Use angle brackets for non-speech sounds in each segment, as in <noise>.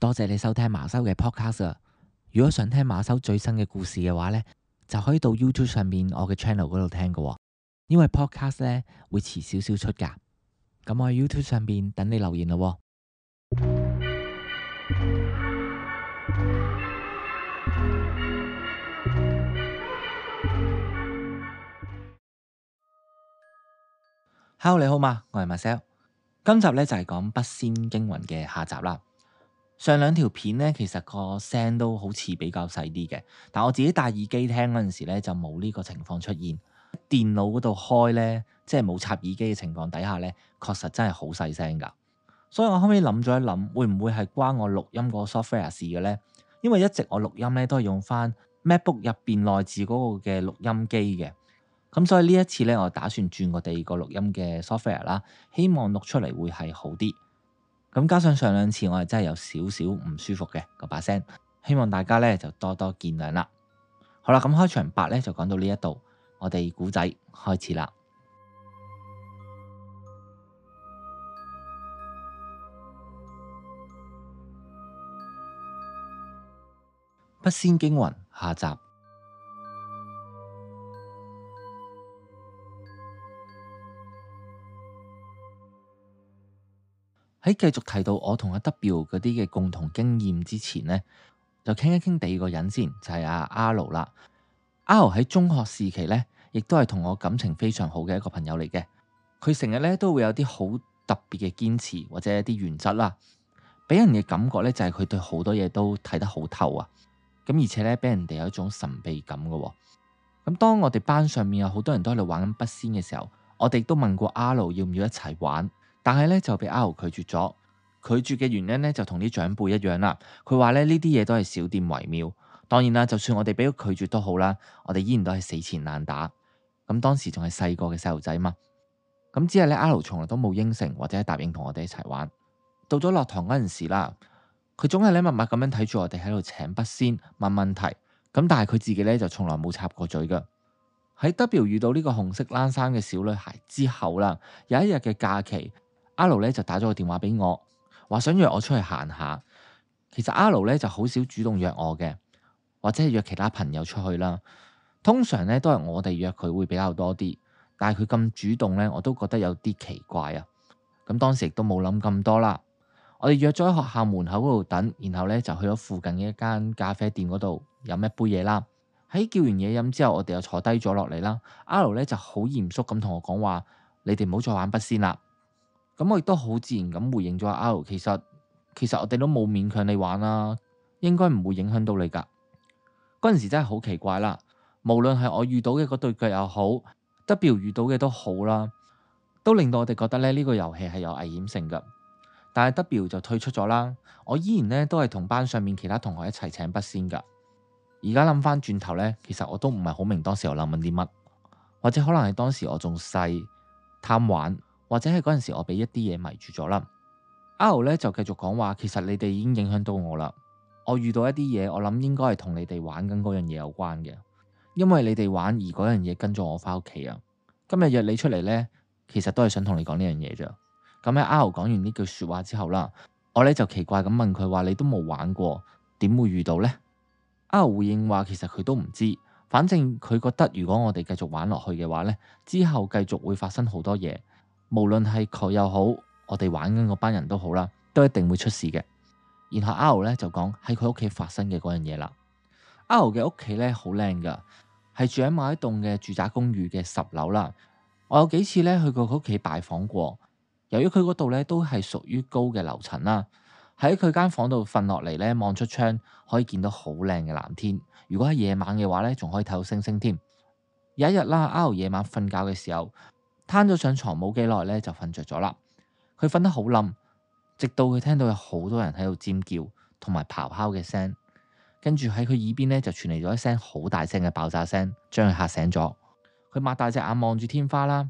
多謝你收聽馬修嘅 podcast。如果想聽馬修最新嘅故事嘅話呢，就可以到 YouTube 上面我嘅 channel 嗰度聽噶。因為 podcast 呢會遲少少出噶。咁我喺 YouTube 上面等你留言咯。 <music> Hello，你好嗎？我係 Marcel。今集呢就係、是、講《筆仙驚魂》嘅下集啦。上兩條片咧，其實個聲都好似比較細啲嘅，但我自己戴耳機聽嗰陣時咧，就冇呢個情況出現。電腦嗰度開咧，即係冇插耳機嘅情況底下咧，確實真係好細聲㗎。所以我後尾諗咗一諗，會唔會係關我錄音個 software 事嘅咧？因為一直我錄音咧都係用翻 MacBook 入邊內置嗰個嘅錄音機嘅，咁所以呢一次咧，我打算轉個第二個錄音嘅 software 啦，希望錄出嚟會係好啲。咁加上上兩次我係真係有少少唔舒服嘅個把聲，希望大家咧就多多見諒啦。好啦，咁開場白咧就講到呢一度，我哋古仔開始啦，《 <music> 筆仙驚魂，下集。喺繼續提到我同阿 W 嗰啲嘅共同經驗之前呢，就傾一傾第二個人先，就係阿阿 R 啦。阿 R 喺中學時期呢，亦都係同我感情非常好嘅一個朋友嚟嘅。佢成日呢，都會有啲好特別嘅堅持或者一啲原則啦，俾人嘅感覺呢，就係佢對好多嘢都睇得好透啊。咁而且呢，俾人哋有一種神秘感嘅。咁當我哋班上面有好多人都喺度玩緊筆仙嘅時候，我哋都問過阿 R 要唔要一齊玩。但係咧，就俾阿豪拒絕咗。拒絕嘅原因咧，就同啲長輩一樣啦。佢話咧呢啲嘢都係小店為妙。當然啦，就算我哋俾佢拒絕都好啦，我哋依然都係死纏爛打。咁當時仲係細個嘅細路仔嘛，咁只係咧阿豪從來都冇應承或者答應同我哋一齊玩。到咗落堂嗰陣時啦，佢總係咧默默咁樣睇住我哋喺度請筆仙問問題。咁但係佢自己咧就從來冇插過嘴噶。喺 W 遇到呢個紅色冷衫嘅小女孩之後啦，有一日嘅假期。阿盧咧就打咗個電話俾我，話想約我出去行下。其實阿盧咧就好少主動約我嘅，或者係約其他朋友出去啦。通常咧都係我哋約佢會比較多啲，但係佢咁主動咧，我都覺得有啲奇怪啊。咁當時亦都冇諗咁多啦。我哋約咗喺學校門口嗰度等，然後咧就去咗附近嘅一間咖啡店嗰度飲一杯嘢啦。喺叫完嘢飲之後，我哋又坐低咗落嚟啦。阿盧咧就好嚴肅咁同我講話：你哋唔好再玩筆仙啦。咁我亦都好自然咁回應咗阿 L，其實其實我哋都冇勉強你玩啦，應該唔會影響到你噶。嗰陣時真係好奇怪啦，無論係我遇到嘅嗰對腳又好，W 遇到嘅都好啦，都令到我哋覺得咧呢個遊戲係有危險性噶。但係 W 就退出咗啦，我依然咧都係同班上面其他同學一齊請筆仙噶。而家諗翻轉頭咧，其實我都唔係好明當時我諗緊啲乜，或者可能係當時我仲細貪玩。或者係嗰陣時，我俾一啲嘢迷住咗啦。R 咧就繼續講話，其實你哋已經影響到我啦。我遇到一啲嘢，我諗應該係同你哋玩緊嗰樣嘢有關嘅，因為你哋玩而嗰樣嘢跟咗我翻屋企啊。今日約你出嚟咧，其實都係想同你講呢樣嘢啫。咁喺 R 講完呢句說話之後啦，我咧就奇怪咁問佢話：你都冇玩過，點會遇到呢？R 回應話：其實佢都唔知，反正佢覺得如果我哋繼續玩落去嘅話咧，之後繼續會發生好多嘢。無論係佢又好，我哋玩緊嗰班人都好啦，都一定會出事嘅。然後 R 咧就講喺佢屋企發生嘅嗰樣嘢啦。R 嘅屋企咧好靚噶，係住喺某一棟嘅住宅公寓嘅十樓啦。我有幾次咧去過佢屋企拜訪過，由於佢嗰度咧都係屬於高嘅樓層啦，喺佢間房度瞓落嚟咧望出窗可以見到好靚嘅藍天。如果係夜晚嘅話咧，仲可以睇到星星添。有一日啦，R 夜晚瞓覺嘅時候。攤咗上床冇幾耐咧，就瞓着咗啦。佢瞓得好冧，直到佢聽到有好多人喺度尖叫同埋咆哮嘅聲，跟住喺佢耳邊咧就傳嚟咗一聲好大聲嘅爆炸聲，將佢嚇醒咗。佢擘大隻眼望住天花啦，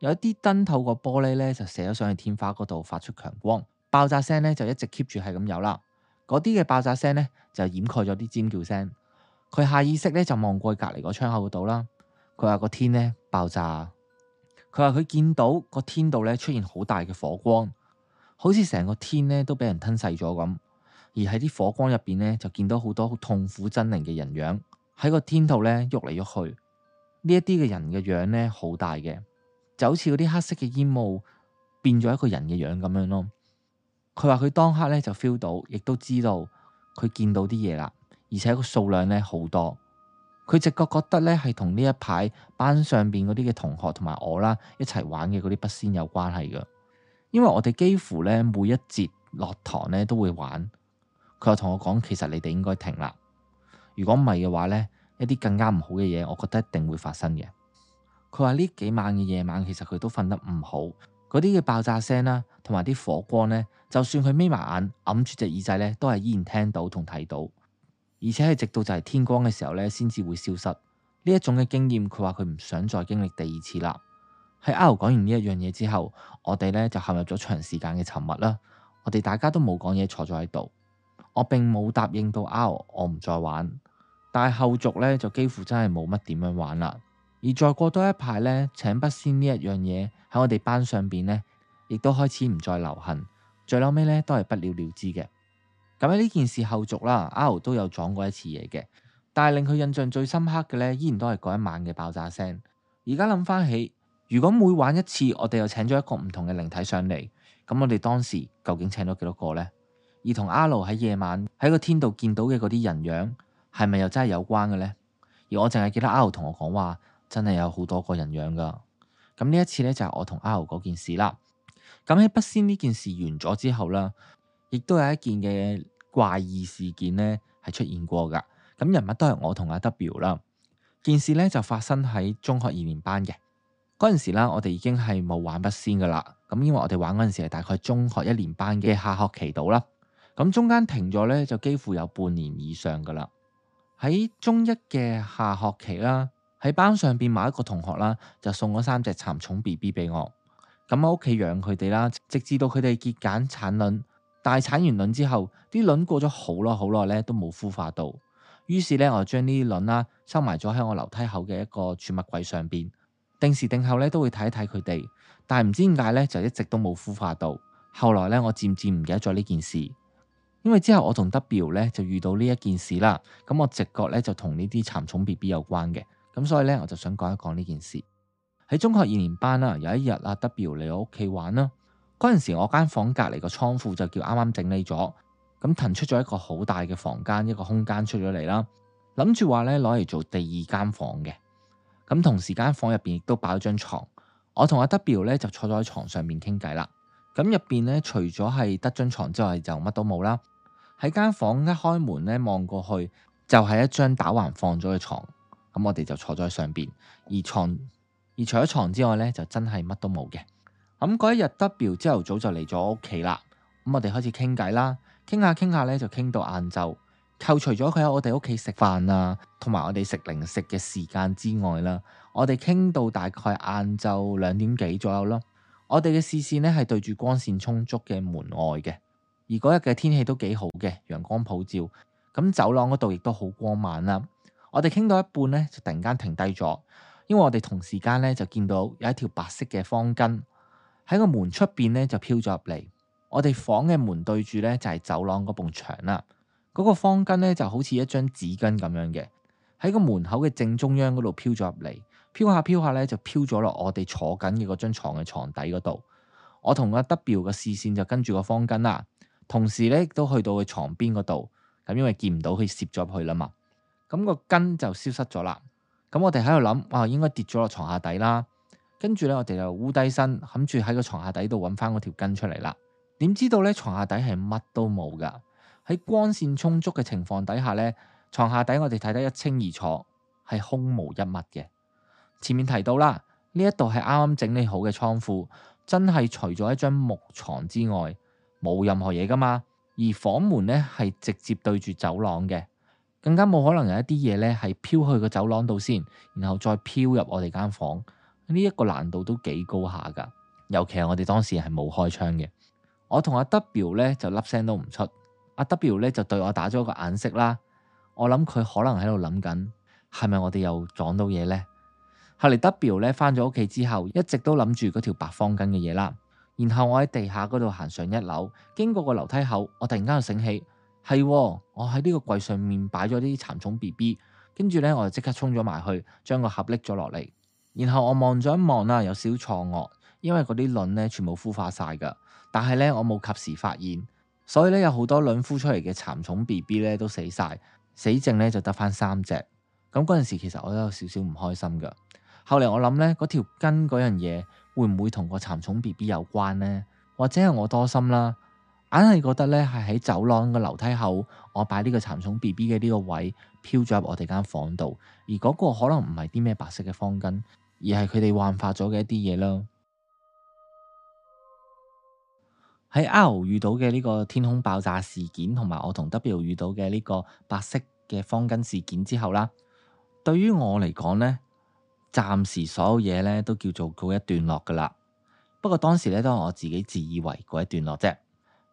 有一啲燈透過玻璃咧就射咗上去天花嗰度，發出強光。爆炸聲咧就一直 keep 住係咁有啦。嗰啲嘅爆炸聲咧就掩蓋咗啲尖叫聲。佢下意識咧就望過隔籬個窗口嗰度啦。佢話個天咧爆炸。佢話佢見到個天度咧出現好大嘅火光，好似成個天咧都俾人吞噬咗咁。而喺啲火光入邊咧就見到好多好痛苦猙獰嘅人樣喺個天度咧喐嚟喐去。呢一啲嘅人嘅樣咧好大嘅，就好似嗰啲黑色嘅煙霧變咗一個人嘅樣咁樣咯。佢話佢當刻咧就 feel 到，亦都知道佢見到啲嘢啦，而且個數量咧好多。佢直覺覺得咧係同呢一排班上邊嗰啲嘅同學同埋我啦一齊玩嘅嗰啲筆仙有關係嘅，因為我哋幾乎咧每一節落堂咧都會玩。佢又同我講，其實你哋應該停啦。如果唔係嘅話咧，一啲更加唔好嘅嘢，我覺得一定會發生嘅。佢話呢幾晚嘅夜晚，其實佢都瞓得唔好。嗰啲嘅爆炸聲啦，同埋啲火光咧，就算佢眯埋眼揞住隻耳仔咧，都係依然聽到同睇到。而且係直到就係天光嘅時候咧，先至會消失。呢一種嘅經驗，佢話佢唔想再經歷第二次啦。喺 R 講完呢一樣嘢之後，我哋咧就陷入咗長時間嘅沉默啦。我哋大家都冇講嘢，坐咗喺度。我並冇答應到 R，我唔再玩。但係後續咧就幾乎真係冇乜點樣玩啦。而再過多一排咧，請筆仙呢一樣嘢喺我哋班上邊咧，亦都開始唔再流行。最後尾咧都係不了了之嘅。咁喺呢件事後續啦，阿豪都有撞過一次嘢嘅，但係令佢印象最深刻嘅咧，依然都係嗰一晚嘅爆炸聲。而家諗翻起，如果每玩一次，我哋又請咗一個唔同嘅靈體上嚟，咁我哋當時究竟請咗幾多個呢？而同阿豪喺夜晚喺個天度見到嘅嗰啲人樣，係咪又真係有關嘅呢？而我淨係記得阿豪同我講話，真係有好多個人樣噶。咁呢一次咧就係我同阿豪嗰件事啦。咁喺筆仙呢件事完咗之後啦。亦都有一件嘅怪異事件咧，係出現過噶。咁人物都係我同阿 W 啦。件事咧就發生喺中學二年班嘅嗰陣時啦。我哋已經係冇玩筆仙噶啦。咁因為我哋玩嗰陣時係大概中學一年班嘅下學期度啦。咁中間停咗咧，就幾乎有半年以上噶啦。喺中一嘅下學期啦，喺班上邊某一個同學啦，就送咗三隻蠶蟲 B B 俾我。咁我屋企養佢哋啦，直至到佢哋結繭產卵。大但係產完卵之後，啲卵過咗好耐好耐咧，都冇孵化到。於是咧，我將呢啲卵啦收埋咗，喺我樓梯口嘅一個儲物櫃上邊，定時定候咧都會睇一睇佢哋。但係唔知點解咧，就一直都冇孵化到。後來咧，我漸漸唔記得咗呢件事，因為之後我同 W 咧就遇到呢一件事啦。咁我直覺咧就同呢啲蠶蟲 B B 有關嘅，咁所以咧我就想講一講呢件事。喺中學二年班啦，有一日阿 W 嚟我屋企玩啦。嗰陣時，我間房隔籬個倉庫就叫啱啱整理咗，咁騰出咗一個好大嘅房間，一個空間出咗嚟啦。諗住話咧攞嚟做第二間房嘅，咁同時，間房入邊亦都擺咗張床。我同阿 W 咧就坐咗喺床上面傾偈啦。咁入邊咧除咗係得張床之外就，就乜都冇啦。喺間房一開門咧望過去，就係一張打橫放咗嘅床。咁我哋就坐咗喺上邊，而床而除咗床之外咧，就真係乜都冇嘅。咁嗰一日，W 朝頭早就嚟咗屋企啦。咁我哋開始傾偈啦，傾下傾下咧，就傾到晏晝。扣除咗佢喺我哋屋企食飯啊，同埋我哋食零食嘅時間之外啦，我哋傾到大概晏晝兩點幾左右咯。我哋嘅視線咧係對住光線充足嘅門外嘅，而嗰日嘅天氣都幾好嘅，陽光普照。咁走廊嗰度亦都好光猛啦。我哋傾到一半咧，就突然間停低咗，因為我哋同時間咧就見到有一條白色嘅方巾。喺個門出邊咧就飄咗入嚟，我哋房嘅門對住咧就係走廊嗰埲牆啦，嗰個方巾咧就好似一張紙巾咁樣嘅，喺個門口嘅正中央嗰度飄咗入嚟，飄下飄下咧就飄咗落我哋坐緊嘅嗰張床嘅床底嗰度，我同阿 W 嘅視線就跟住個方巾啦，同時咧亦都去到佢床邊嗰度，咁因為見唔到佢攝咗入去啦嘛，咁個根就消失咗啦，咁我哋喺度諗啊，應該跌咗落床下底啦。跟住咧，我哋就烏低身，諗住喺個床下底度，揾翻嗰條根出嚟啦。點知道咧，床下底係乜都冇噶。喺光線充足嘅情況底下咧，床下底我哋睇得一清二楚，係空無一物嘅。前面提到啦，呢一度係啱啱整理好嘅倉庫，真係除咗一張木床之外，冇任何嘢噶嘛。而房門咧，係直接對住走廊嘅，更加冇可能有一啲嘢咧係飄去個走廊度先，然後再飄入我哋間房。呢一個難度都幾高下㗎，尤其係我哋當時係冇開槍嘅。我同阿 W 咧就粒聲都唔出，阿、啊、W 咧就對我打咗個眼色啦。我諗佢可能喺度諗緊係咪我哋又撞到嘢呢。後嚟 W 咧翻咗屋企之後，一直都諗住嗰條白方巾嘅嘢啦。然後我喺地下嗰度行上一樓，經過個樓梯口，我突然間就醒起係、嗯哦、我喺呢個櫃上面擺咗啲蠶蟲 B B，跟住咧我就即刻衝咗埋去將個盒拎咗落嚟。然後我望咗一望啦，有少少錯愕，因為嗰啲卵咧全部孵化晒噶，但係咧我冇及時發現，所以咧有好多卵孵出嚟嘅蠶蟲 B B 咧都死晒，死淨咧就得翻三隻。咁嗰陣時其實我都有少少唔開心噶。後嚟我諗咧嗰條根嗰樣嘢會唔會同個蠶蟲 B B 有關呢？或者係我多心啦？硬係覺得咧係喺走廊個樓梯口，我擺呢個蠶蟲 B B 嘅呢個位飄咗入我哋間房度，而嗰個可能唔係啲咩白色嘅方巾。而係佢哋幻化咗嘅一啲嘢咯。喺 R 遇到嘅呢個天空爆炸事件，同埋我同 W 遇到嘅呢個白色嘅方巾事件之後啦，對於我嚟講呢，暫時所有嘢呢都叫做告一段落噶啦。不過當時呢，都係我自己自以為告一段落啫。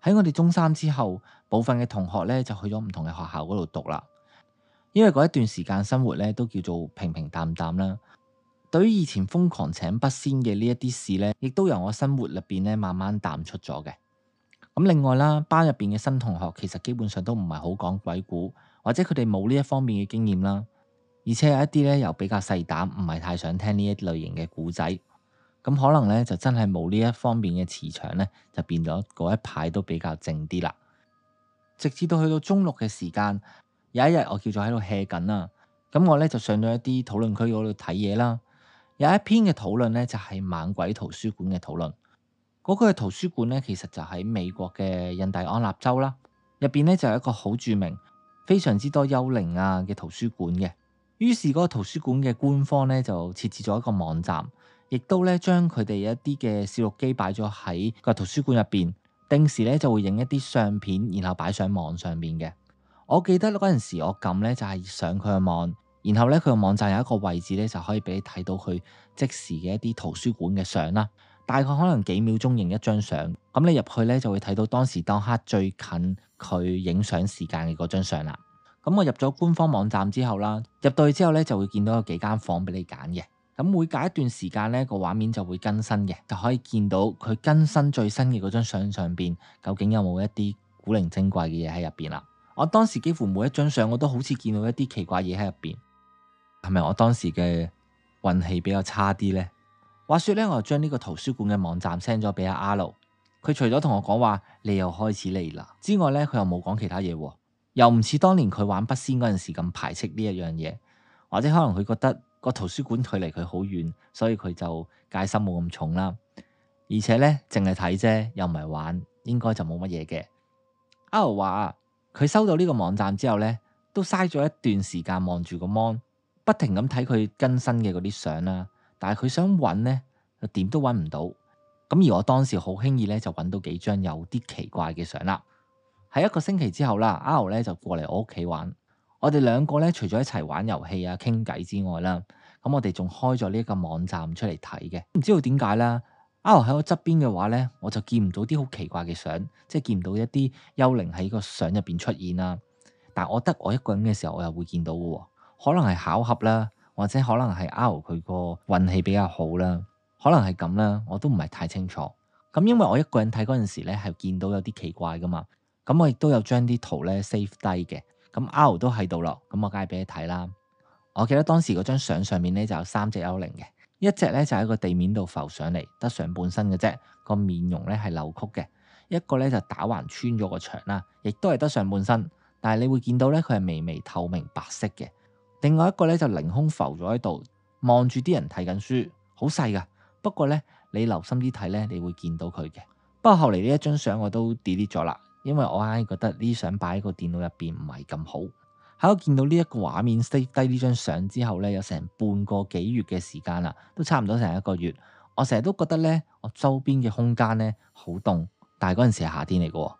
喺我哋中三之後，部分嘅同學呢就去咗唔同嘅學校嗰度讀啦，因為嗰一段時間生活呢都叫做平平淡淡啦。對於以前瘋狂請筆仙嘅呢一啲事咧，亦都由我生活入邊咧慢慢淡出咗嘅。咁另外啦，班入邊嘅新同學其實基本上都唔係好講鬼故，或者佢哋冇呢一方面嘅經驗啦。而且有一啲咧又比較細膽，唔係太想聽呢一類型嘅故仔。咁可能咧就真係冇呢一方面嘅磁場咧，就變咗嗰一排都比較靜啲啦。直至到去到中六嘅時間，有一日我叫做喺度 hea 緊啦，咁我咧就上咗一啲討論區嗰度睇嘢啦。有一篇嘅討論咧，就係猛鬼圖書館嘅討論。嗰個圖書館咧，其實就喺美國嘅印第安納州啦。入邊咧就有一個好著名、非常之多幽靈啊嘅圖書館嘅。於是嗰個圖書館嘅官方咧就設置咗一個網站，亦都咧將佢哋一啲嘅攝錄機擺咗喺個圖書館入邊，定時咧就會影一啲相片，然後擺上網上面嘅。我記得嗰陣時我撳咧就係上佢嘅網。然後咧，佢個網站有一個位置咧，就可以俾你睇到佢即時嘅一啲圖書館嘅相啦。大概可能幾秒鐘影一張相，咁你入去咧就會睇到當時當刻最近佢影相時間嘅嗰張相啦。咁我入咗官方網站之後啦，入到去之後咧就會見到有幾間房俾你揀嘅。咁每隔一段時間咧個畫面就會更新嘅，就可以見到佢更新最新嘅嗰張相上邊究竟有冇一啲古靈精怪嘅嘢喺入邊啦。我當時幾乎每一張相我都好似見到一啲奇怪嘢喺入邊。係咪我當時嘅運氣比較差啲呢？話說咧，我就將呢個圖書館嘅網站 send 咗俾阿阿六，佢除咗同我講，話你又開始嚟啦之外咧，佢又冇講其他嘢，又唔似當年佢玩筆仙嗰陣時咁排斥呢一樣嘢，或者可能佢覺得個圖書館佢離佢好遠，所以佢就戒心冇咁重啦。而且咧淨係睇啫，又唔係玩，應該就冇乜嘢嘅。阿六話佢收到呢個網站之後咧，都嘥咗一段時間望住個 mon 不停咁睇佢更新嘅嗰啲相啦，但係佢想揾呢，又點都揾唔到。咁而我當時好輕易咧就揾到幾張有啲奇怪嘅相啦。喺一個星期之後啦，阿豪咧就過嚟我屋企玩。我哋兩個咧除咗一齊玩遊戲啊、傾偈之外啦，咁我哋仲開咗呢一個網站出嚟睇嘅。唔知道點解啦，阿豪喺我側邊嘅話呢，我就見唔到啲好奇怪嘅相，即係見唔到一啲幽靈喺個相入邊出現啦。但係我得我一個人嘅時候，我又會見到嘅。可能係巧合啦，或者可能係 R 佢個運氣比較好啦，可能係咁啦，我都唔係太清楚。咁因為我一個人睇嗰陣時咧，係見到有啲奇怪噶嘛。咁我亦都有將啲圖咧 save 低嘅。咁 R 都喺度啦，咁我梗係俾你睇啦。我記得當時嗰張相上面咧就有三隻幽靈嘅，一隻咧就喺個地面度浮上嚟，得上半身嘅啫，個面容咧係扭曲嘅；一個咧就打橫穿咗個牆啦，亦都係得上半身，但係你會見到咧佢係微微透明白色嘅。另外一個咧就凌空浮咗喺度，望住啲人睇緊書，好細㗎。不過咧，你留心啲睇咧，你會見到佢嘅。不過後嚟呢一張相我都 delete 咗啦，因為我硬係覺得呢啲相擺喺個電腦入邊唔係咁好。喺我見到呢一個畫面，set 低呢張相之後咧，有成半個幾月嘅時間啦，都差唔多成一個月。我成日都覺得咧，我周邊嘅空間咧好凍，但係嗰陣時係夏天嚟嘅，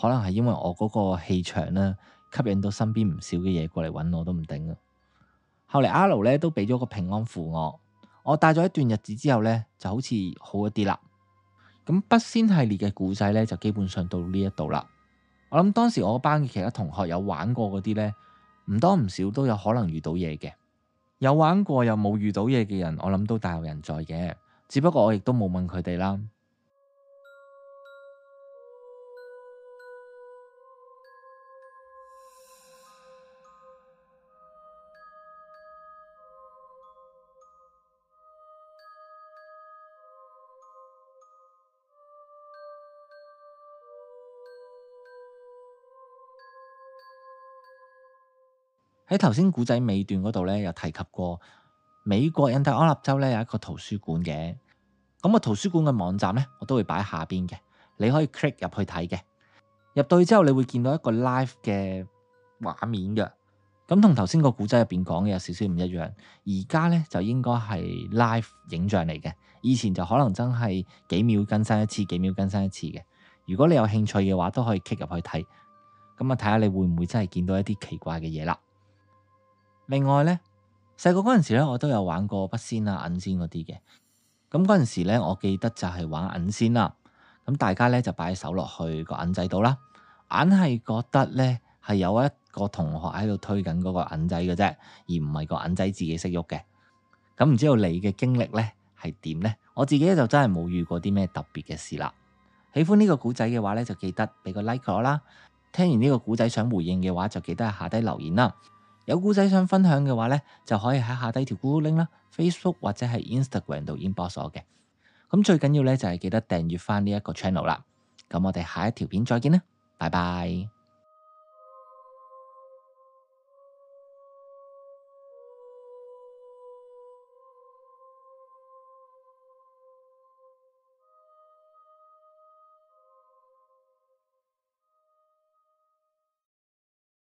可能係因為我嗰個氣場咧吸引到身邊唔少嘅嘢過嚟搵我都唔定啊。後嚟阿盧咧都俾咗個平安符我，我帶咗一段日子之後咧就好似好一啲啦。咁筆仙系列嘅故仔咧就基本上到呢一度啦。我諗當時我班嘅其他同學有玩過嗰啲咧，唔多唔少都有可能遇到嘢嘅。有玩過又冇遇到嘢嘅人，我諗都大有人在嘅。只不過我亦都冇問佢哋啦。喺頭先古仔尾段嗰度咧，有提及過美國印第安納州咧有一個圖書館嘅。咁個圖書館嘅網站咧，我都會擺下邊嘅，你可以 click 入去睇嘅。入到去之後，你會見到一個 live 嘅畫面嘅。咁同頭先個古仔入邊講嘅有少少唔一樣，而家咧就應該係 live 影像嚟嘅。以前就可能真係幾秒更新一次，幾秒更新一次嘅。如果你有興趣嘅話，都可以 click 入去睇。咁啊，睇下你會唔會真係見到一啲奇怪嘅嘢啦。另外呢，細個嗰陣時咧，我都有玩過筆仙啊、銀仙嗰啲嘅。咁嗰陣時咧，我記得就係玩銀仙啦。咁大家呢，就擺手落去個銀仔度啦，硬係覺得呢，係有一個同學喺度推緊嗰個銀仔嘅啫，而唔係個銀仔自己識喐嘅。咁唔知道你嘅經歷呢係點呢？我自己就真係冇遇過啲咩特別嘅事啦。喜歡呢個古仔嘅話呢，就記得俾個 like 我啦。聽完呢個古仔想回應嘅話，就記得下低留言啦。有古仔想分享嘅話呢，就可以喺下底條 Google Link 啦、Facebook 或者係 Instagram 度 inbox 我嘅。咁最緊要呢就係記得訂閱返呢一個 channel 啦。咁我哋下一條片再見啦，拜拜。